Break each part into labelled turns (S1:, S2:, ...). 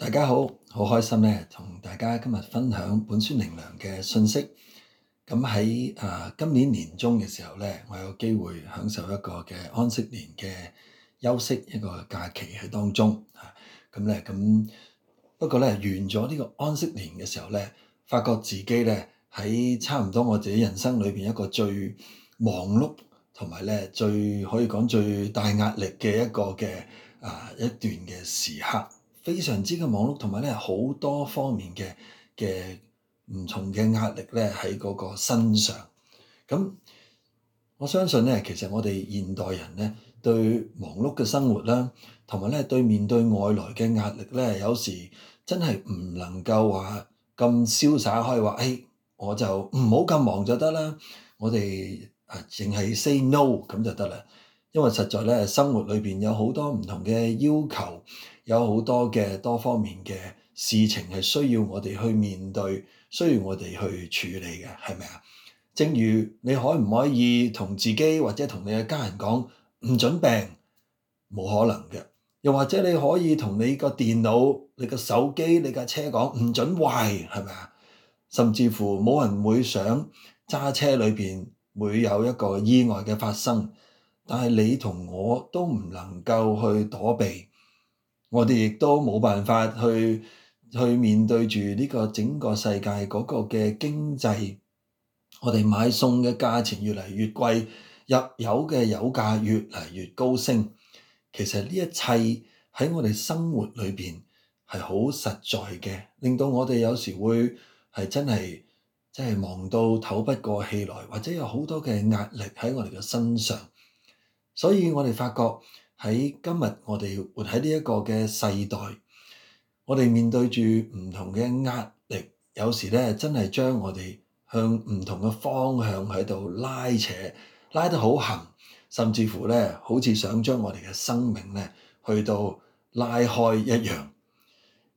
S1: 大家好，好開心咧，同大家今日分享本書靈糧嘅信息。咁喺誒今年年中嘅時候咧，我有機會享受一個嘅安息年嘅休息一個假期喺當中。咁、啊、咧，咁不過咧完咗呢個安息年嘅時候咧，發覺自己咧喺差唔多我自己人生裏邊一個最忙碌同埋咧最可以講最大壓力嘅一個嘅啊一段嘅時刻。非常之嘅忙碌，同埋咧好多方面嘅嘅唔同嘅壓力咧喺嗰個身上。咁我相信咧，其實我哋現代人咧對忙碌嘅生活啦，同埋咧對面對外來嘅壓力咧，有時真係唔能夠話咁瀟灑開，可以話，哎，我就唔好咁忙就得啦。我哋啊，淨係 say no 咁就得啦。因為實在咧，生活裏邊有好多唔同嘅要求。有好多嘅多方面嘅事情係需要我哋去面對，需要我哋去處理嘅，係咪啊？正如你可唔可以同自己或者同你嘅家人講唔准病，冇可能嘅。又或者你可以同你個電腦、你個手機、你架車講唔准壞，係咪啊？甚至乎冇人會想揸車裏邊會有一個意外嘅發生，但係你同我都唔能夠去躲避。我哋亦都冇辦法去去面對住呢個整個世界嗰個嘅經濟，我哋買餸嘅價錢越嚟越貴，入油嘅油價越嚟越高升。其實呢一切喺我哋生活裏邊係好實在嘅，令到我哋有時會係真係即係忙到唞不過氣來，或者有好多嘅壓力喺我哋嘅身上。所以我哋發覺。喺今日我哋活喺呢一個嘅世代，我哋面對住唔同嘅壓力，有時咧真係將我哋向唔同嘅方向喺度拉扯，拉得好狠，甚至乎咧好似想將我哋嘅生命咧去到拉開一樣。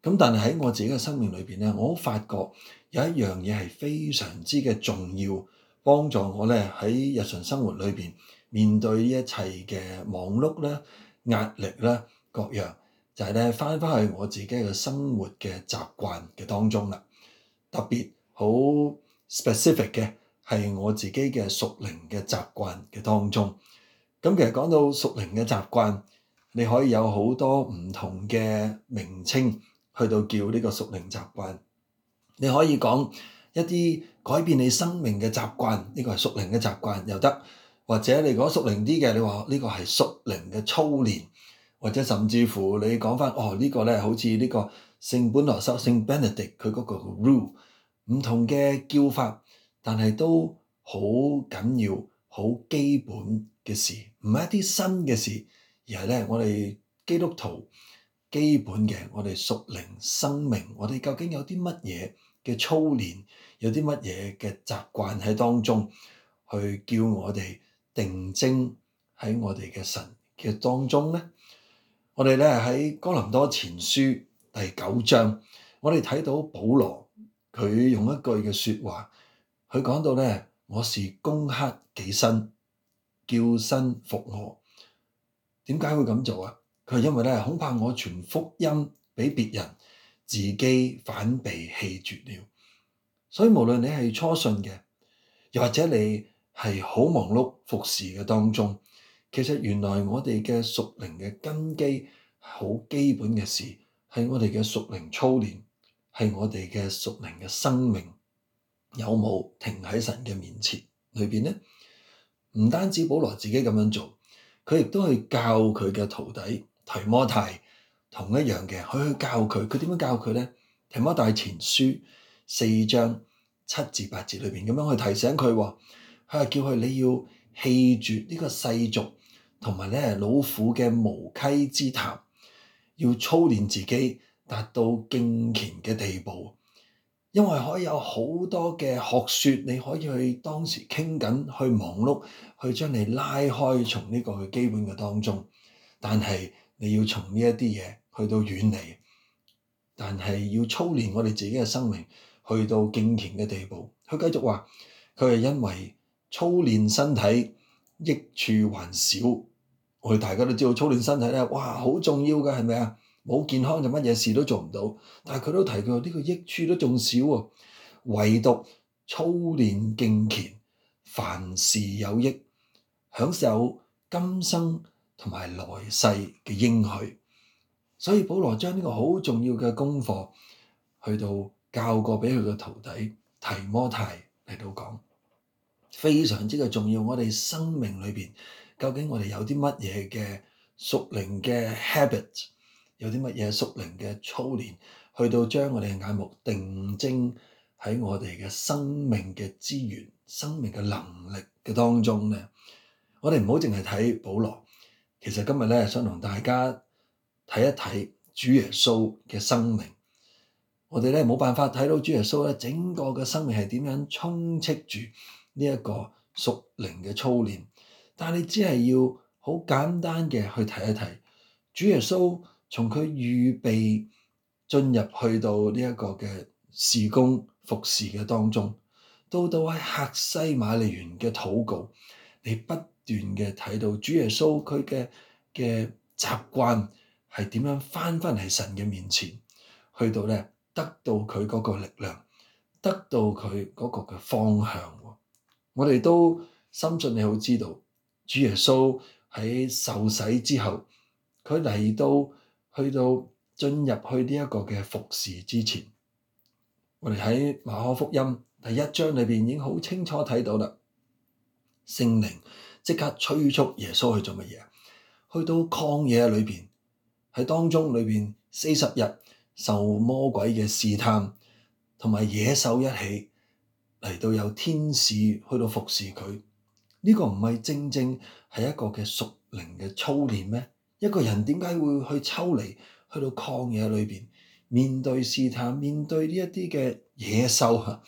S1: 咁但係喺我自己嘅生命裏邊咧，我發覺有一樣嘢係非常之嘅重要，幫助我咧喺日常生活裏邊。面對呢一切嘅忙碌咧、壓力咧、各樣，就係咧翻返去我自己嘅生活嘅習慣嘅當中啦。特別好 specific 嘅係我自己嘅屬靈嘅習慣嘅當中。咁、嗯、其實講到屬靈嘅習慣，你可以有好多唔同嘅名稱去到叫呢個屬靈習慣。你可以講一啲改變你生命嘅習慣，呢、這個係屬靈嘅習慣又得。或者你講屬靈啲嘅，你話呢個係屬靈嘅操練，或者甚至乎你講返哦、這個、呢個咧，好似呢個聖本篤修聖 Benedict 佢嗰個 rule 唔同嘅叫法，但係都好緊要、好基本嘅事，唔係一啲新嘅事，而係咧我哋基督徒基本嘅，我哋屬靈生命，我哋究竟有啲乜嘢嘅操練，有啲乜嘢嘅習慣喺當中去叫我哋。定睛喺我哋嘅神嘅當中咧，我哋咧喺哥林多前書第九章，我哋睇到保羅佢用一句嘅説話，佢講到咧，我是攻克己身，叫身服我。點解會咁做啊？佢係因為咧，恐怕我傳福音俾別人，自己反被棄絕了。所以無論你係初信嘅，又或者你，係好忙碌服侍嘅當中，其實原來我哋嘅屬靈嘅根基，好基本嘅事係我哋嘅屬靈操練，係我哋嘅屬靈嘅生命有冇停喺神嘅面前裏邊咧？唔單止保羅自己咁樣做，佢亦都去教佢嘅徒弟提摩太，同一樣嘅，佢去教佢，佢點樣教佢咧？提摩太前書四章七至八節裏邊咁樣去提醒佢喎。佢係叫佢你要棄絕呢個世俗，同埋咧老虎嘅無稽之談，要操練自己達到敬虔嘅地步。因為可以有好多嘅學説，你可以去當時傾緊，去忙碌，去將你拉開從呢個嘅基本嘅當中。但係你要從呢一啲嘢去到遠離，但係要操練我哋自己嘅生命去到敬虔嘅地步。佢繼續話：佢係因為，操練身體，益處還少，我哋大家都知道操練身體咧，哇，好重要嘅，係咪啊？冇健康就乜嘢事都做唔到。但係佢都提過呢個益處都仲少喎、啊，唯獨操練敬虔，凡事有益，享受今生同埋來世嘅應許。所以保羅將呢個好重要嘅功課去到教過俾佢嘅徒弟提摩太嚟到講。非常之嘅重要，我哋生命裏邊，究竟我哋有啲乜嘢嘅屬靈嘅 habit，有啲乜嘢屬靈嘅操練，去到將我哋嘅眼目定睛喺我哋嘅生命嘅資源、生命嘅能力嘅當中咧。我哋唔好淨係睇保羅，其實今日咧想同大家睇一睇主耶穌嘅生命。我哋咧冇辦法睇到主耶穌咧整個嘅生命係點樣充斥住。呢一個屬靈嘅操練，但係你只係要好簡單嘅去睇一睇主耶穌從佢預備進入去到呢一個嘅事工服侍嘅當中，到到喺客西馬尼園嘅禱告，你不斷嘅睇到主耶穌佢嘅嘅習慣係點樣返返喺神嘅面前，去到呢得到佢嗰個力量，得到佢嗰個嘅方向。我哋都深信你好知道，主耶穌喺受洗之後，佢嚟到去到進入去呢一個嘅服侍之前，我哋喺馬可福音第一章裏邊已經好清楚睇到啦，聖靈即刻催促耶穌去做乜嘢？去到曠野裏邊喺當中裏邊四十日受魔鬼嘅試探，同埋野獸一起。嚟到有天使去到服侍佢，呢個唔係正正係一個嘅屬靈嘅操練咩？一個人點解會去抽離去到曠野裏邊面對試探，面對呢一啲嘅野獸，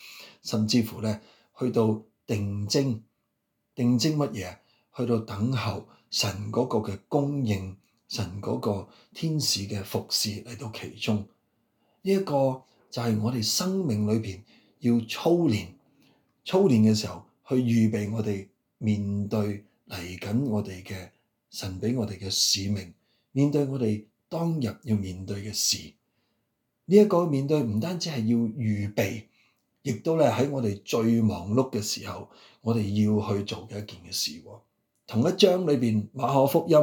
S1: 甚至乎咧去到定睛，定睛乜嘢？去到等候神嗰個嘅供應，神嗰個天使嘅服侍嚟到其中，呢一個就係我哋生命裏邊要操練。操練嘅時候，去預備我哋面對嚟緊我哋嘅神俾我哋嘅使命，面對我哋當日要面對嘅事。呢、這、一個面對唔單止係要預備，亦都咧喺我哋最忙碌嘅時候，我哋要去做嘅一件嘅事。同一章裏邊馬可福音，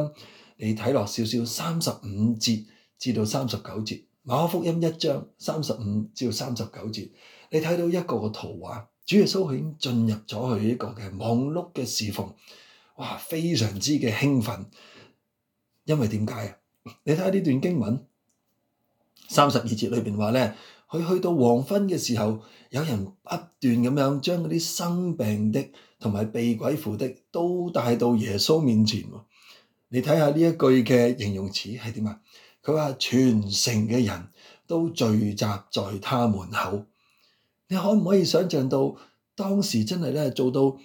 S1: 你睇落少少三十五節至到三十九節，馬可福音一章三十五至到三十九節，你睇到一個個圖畫。主耶穌已經進入咗佢呢個嘅忙碌嘅侍奉，哇！非常之嘅興奮，因為點解啊？你睇下呢段經文，三十二節裏邊話咧，佢去到黃昏嘅時候，有人不斷咁樣將嗰啲生病的同埋被鬼附的都帶到耶穌面前。你睇下呢一句嘅形容詞係點啊？佢話全城嘅人都聚集在他門口。你可唔可以想象到當時真係咧做到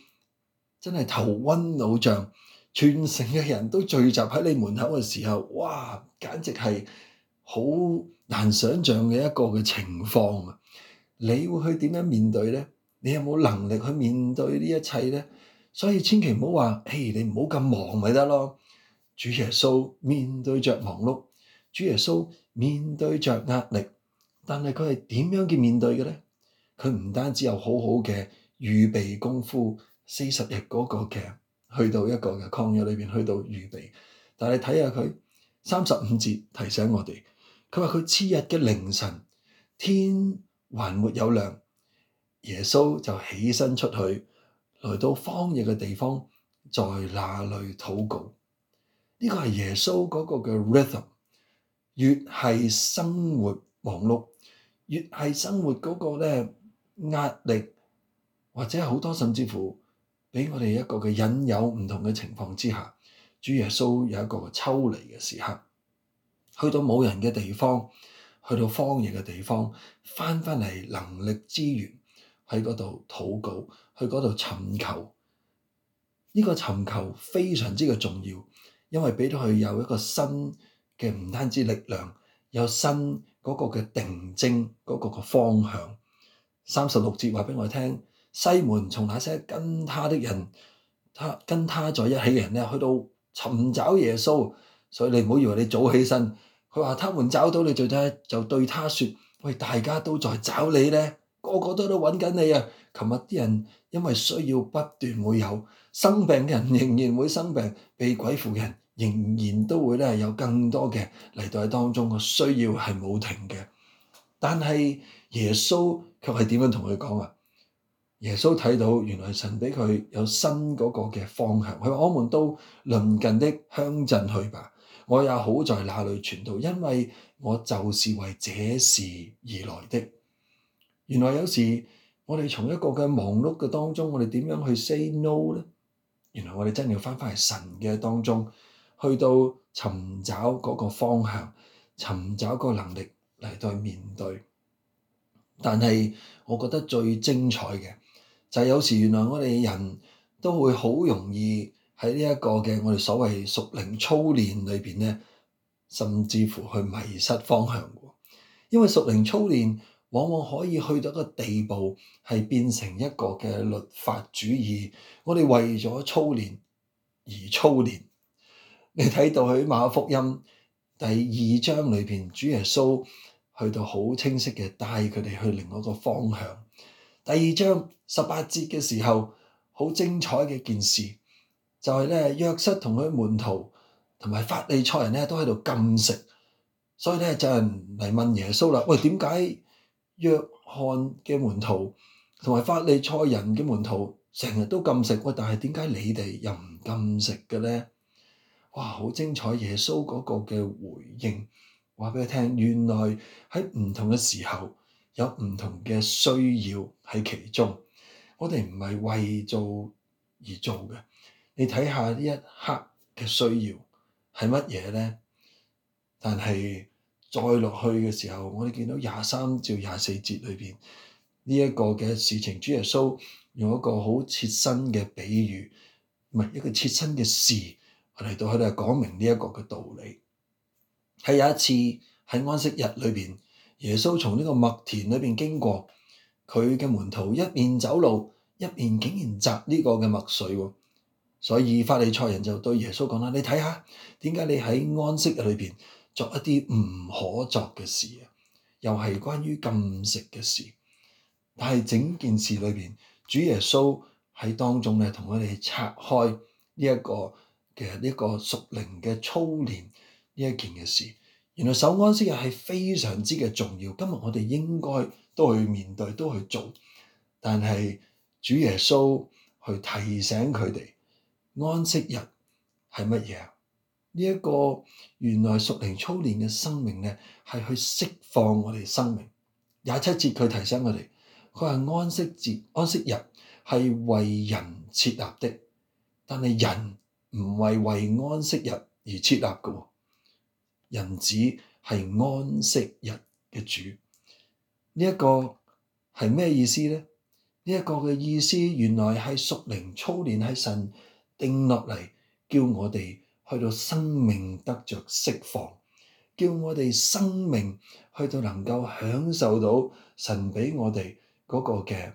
S1: 真係頭昏腦脹，全城嘅人都聚集喺你門口嘅時候，哇！簡直係好難想象嘅一個嘅情況啊！你會去點樣面對咧？你有冇能力去面對呢一切咧？所以千祈唔好話，誒，你唔好咁忙咪得咯。主耶穌面對着忙碌，主耶穌面對着壓力，但係佢係點樣去面對嘅咧？佢唔單止有好好嘅預備功夫，四十日嗰個嘅去到一個嘅曠野裏邊去到預備，但係睇下佢三十五節提醒我哋，佢話佢次日嘅凌晨天還沒有亮，耶穌就起身出去，來到荒野嘅地方，在那裏禱告。呢、這個係耶穌嗰個嘅 rhythm，越係生活忙碌，越係生活嗰個咧。壓力或者好多甚至乎俾我哋一個嘅引誘唔同嘅情況之下，主耶穌有一個抽離嘅時刻，去到冇人嘅地方，去到荒野嘅地方，翻翻嚟能力資源喺嗰度禱告，去嗰度尋求。呢、這個尋求非常之嘅重要，因為俾到佢有一個新嘅唔單止力量，有新嗰個嘅定睛嗰個嘅方向。三十六節話俾我聽，西門從那些跟他的人，他跟他在一起嘅人咧，去到尋找耶穌。所以你唔好以為你早起身，佢話他們找到你就，就睇就對他説：喂，大家都在找你咧，個個都都揾緊你啊！琴日啲人因為需要不斷會有生病嘅人，仍然會生病；被鬼附嘅人仍然都會咧有更多嘅嚟到你當中，嘅需要係冇停嘅。但係耶穌卻係點樣同佢講啊？耶穌睇到原來神俾佢有新嗰個嘅方向，佢話：我們到鄰近的鄉鎮去吧，我也好在那裡傳道，因為我就是為這事而來的。原來有時我哋從一個嘅忙碌嘅當中，我哋點樣去 say no 呢？原來我哋真係要翻返去神嘅當中，去到尋找嗰個方向，尋找個能力。嚟到面對，但係我覺得最精彩嘅就係、是、有時原來我哋人都會好容易喺呢一個嘅我哋所謂屬靈操練裏邊咧，甚至乎去迷失方向。因為屬靈操練往往可以去到一個地步，係變成一個嘅律法主義。我哋為咗操練而操練。你睇到喺馬福音第二章裏邊，主耶穌。去到好清晰嘅，帶佢哋去另外一個方向。第二章十八節嘅時候，好精彩嘅一件事，就係、是、咧約瑟同佢門徒同埋法利賽人咧都喺度禁食，所以咧就有人嚟問耶穌啦。喂、哎，點解約翰嘅門徒同埋法利賽人嘅門徒成日都禁食？喂、哎，但係點解你哋又唔禁食嘅咧？哇，好精彩！耶穌嗰個嘅回應。話俾佢聽，原來喺唔同嘅時候有唔同嘅需要喺其中。我哋唔係為做而做嘅。你睇下呢一刻嘅需要係乜嘢咧？但係再落去嘅時候，我哋見到廿三至廿四節裏邊呢一個嘅事情，主耶穌用一個好切身嘅比喻，唔係一個切身嘅事嚟到佢哋講明呢一個嘅道理。喺有一次喺安息日裏邊，耶穌從呢個麥田裏邊經過，佢嘅門徒一面走路，一面竟然摘呢個嘅麥穗喎。所以法利賽人就對耶穌講啦：你睇下點解你喺安息日裏邊作一啲唔可作嘅事啊？又係關於禁食嘅事。但係整件事裏邊，主耶穌喺當中咧，同佢哋拆開呢一個嘅呢個屬靈嘅操練。呢一件嘅事，原來守安息日係非常之嘅重要。今日我哋應該都去面對，都去做。但係主耶穌去提醒佢哋，安息日係乜嘢？呢、這、一個原來屬靈操練嘅生命咧，係去釋放我哋生命。廿七節佢提醒我哋，佢話安息節、安息日係為人設立的，但係人唔係為安息日而設立嘅喎。人子係安息日嘅主，呢一個係咩意思呢？呢一個嘅意思原來係屬靈操練喺神定落嚟，叫我哋去到生命得着釋放，叫我哋生命去到能夠享受到神畀我哋嗰個嘅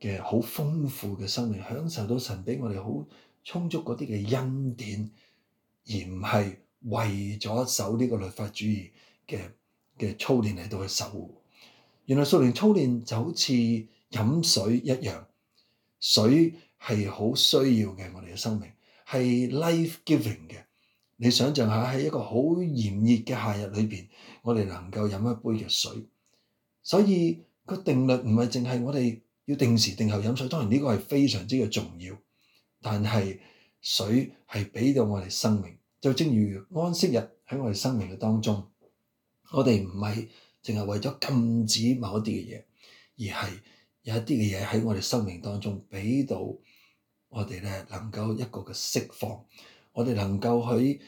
S1: 嘅好豐富嘅生命，享受到神畀我哋好充足嗰啲嘅恩典，而唔係。為咗守呢個律法主義嘅嘅操練嚟到去守，原來素年操練就好似飲水一樣，水係好需要嘅，我哋嘅生命係 life giving 嘅。你想象下喺一個好炎熱嘅夏日裏邊，我哋能夠飲一杯嘅水，所以個定律唔係淨係我哋要定時定候飲水，當然呢個係非常之嘅重要，但係水係俾到我哋生命。就正如安息日喺我哋生命嘅當中，我哋唔係淨係為咗禁止某一啲嘅嘢，而係有一啲嘅嘢喺我哋生命當中俾到我哋咧能夠一個嘅釋放，我哋能夠去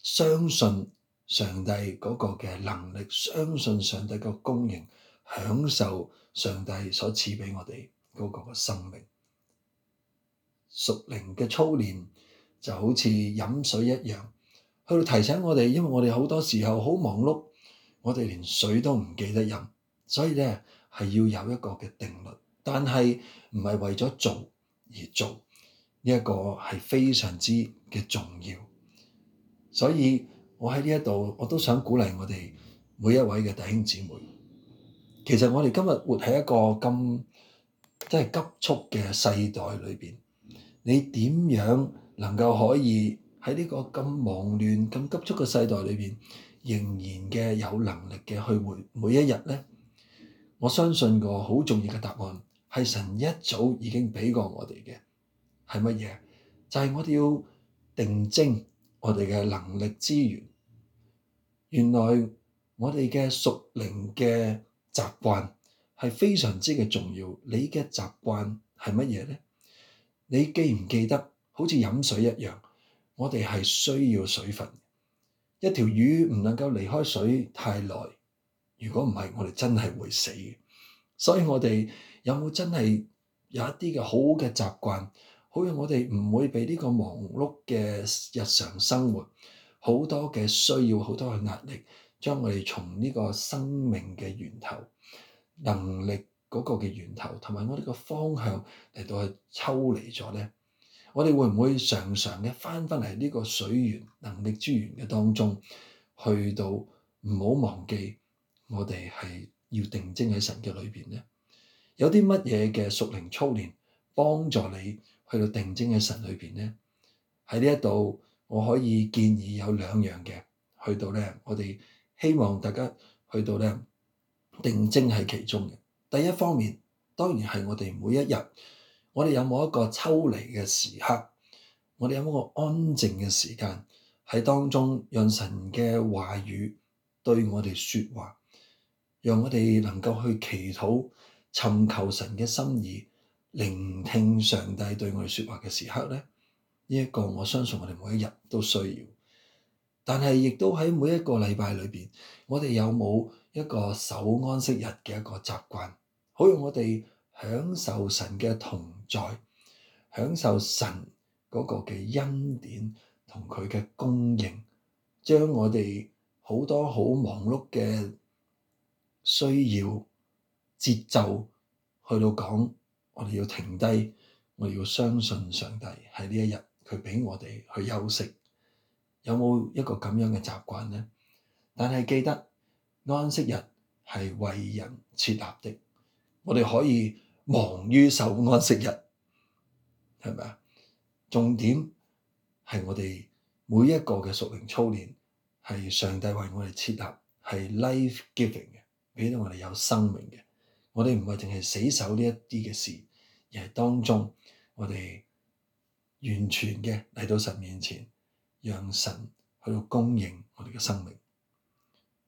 S1: 相信上帝嗰個嘅能力，相信上帝個供應，享受上帝所賜俾我哋嗰個嘅生命，屬靈嘅操練。就好似飲水一樣，去到提醒我哋，因為我哋好多時候好忙碌，我哋連水都唔記得飲，所以咧係要有一個嘅定律。但係唔係為咗做而做呢一個係非常之嘅重要。所以我喺呢一度我都想鼓勵我哋每一位嘅弟兄姊妹。其實我哋今日活喺一個咁即係急速嘅世代裏邊，你點樣？能夠可以喺呢個咁忙亂、咁急促嘅世代裏邊，仍然嘅有能力嘅去活每一日咧，我相信個好重要嘅答案係神一早已經畀過我哋嘅係乜嘢？就係我哋要定睛我哋嘅能力資源。原來我哋嘅屬靈嘅習慣係非常之嘅重要。你嘅習慣係乜嘢咧？你記唔記得？好似飲水一樣，我哋係需要水分。一條魚唔能夠離開水太耐，如果唔係，我哋真係會死。所以我哋有冇真係有一啲嘅好嘅習慣，好似我哋唔會俾呢個忙碌嘅日常生活好多嘅需要、好多嘅壓力，將我哋從呢個生命嘅源頭、能力嗰個嘅源頭，同埋我哋個方向嚟到去抽離咗咧？我哋會唔會常常嘅翻翻嚟呢個水源能力資源嘅當中，去到唔好忘記我哋係要定睛喺神嘅裏邊咧？有啲乜嘢嘅屬靈操練幫助你去到定睛喺神裏邊咧？喺呢一度我可以建議有兩樣嘅，去到咧我哋希望大家去到咧定睛喺其中嘅。第一方面當然係我哋每一日。我哋有冇一個抽離嘅時刻？我哋有冇一個安靜嘅時間喺當中，讓神嘅話語對我哋說話，讓我哋能夠去祈禱、尋求神嘅心意、聆聽上帝對我哋說話嘅時刻咧？呢、這、一個我相信我哋每一日都需要，但係亦都喺每一個禮拜裏邊，我哋有冇一個守安息日嘅一個習慣？好用我哋。享受神嘅同在，享受神嗰個嘅恩典同佢嘅供應，將我哋好多好忙碌嘅需要節奏去到講，我哋要停低，我哋要相信上帝喺呢一日佢畀我哋去休息，有冇一個咁樣嘅習慣咧？但係記得安息日係為人設立的，我哋可以。忙於守安息日，係咪啊？重點係我哋每一個嘅屬靈操練係上帝為我哋設立係 life giving 嘅，俾到我哋有生命嘅。我哋唔係淨係死守呢一啲嘅事，而係當中我哋完全嘅嚟到神面前，讓神去到供應我哋嘅生命。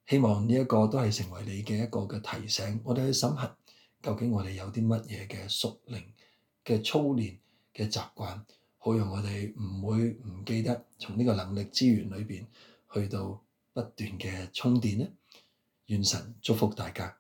S1: 希望呢一個都係成為你嘅一個嘅提醒。我哋去審核。究竟我哋有啲乜嘢嘅屬靈嘅操練嘅習慣，好讓我哋唔會唔記得從呢個能力資源裏邊去到不斷嘅充電呢？願神祝福大家。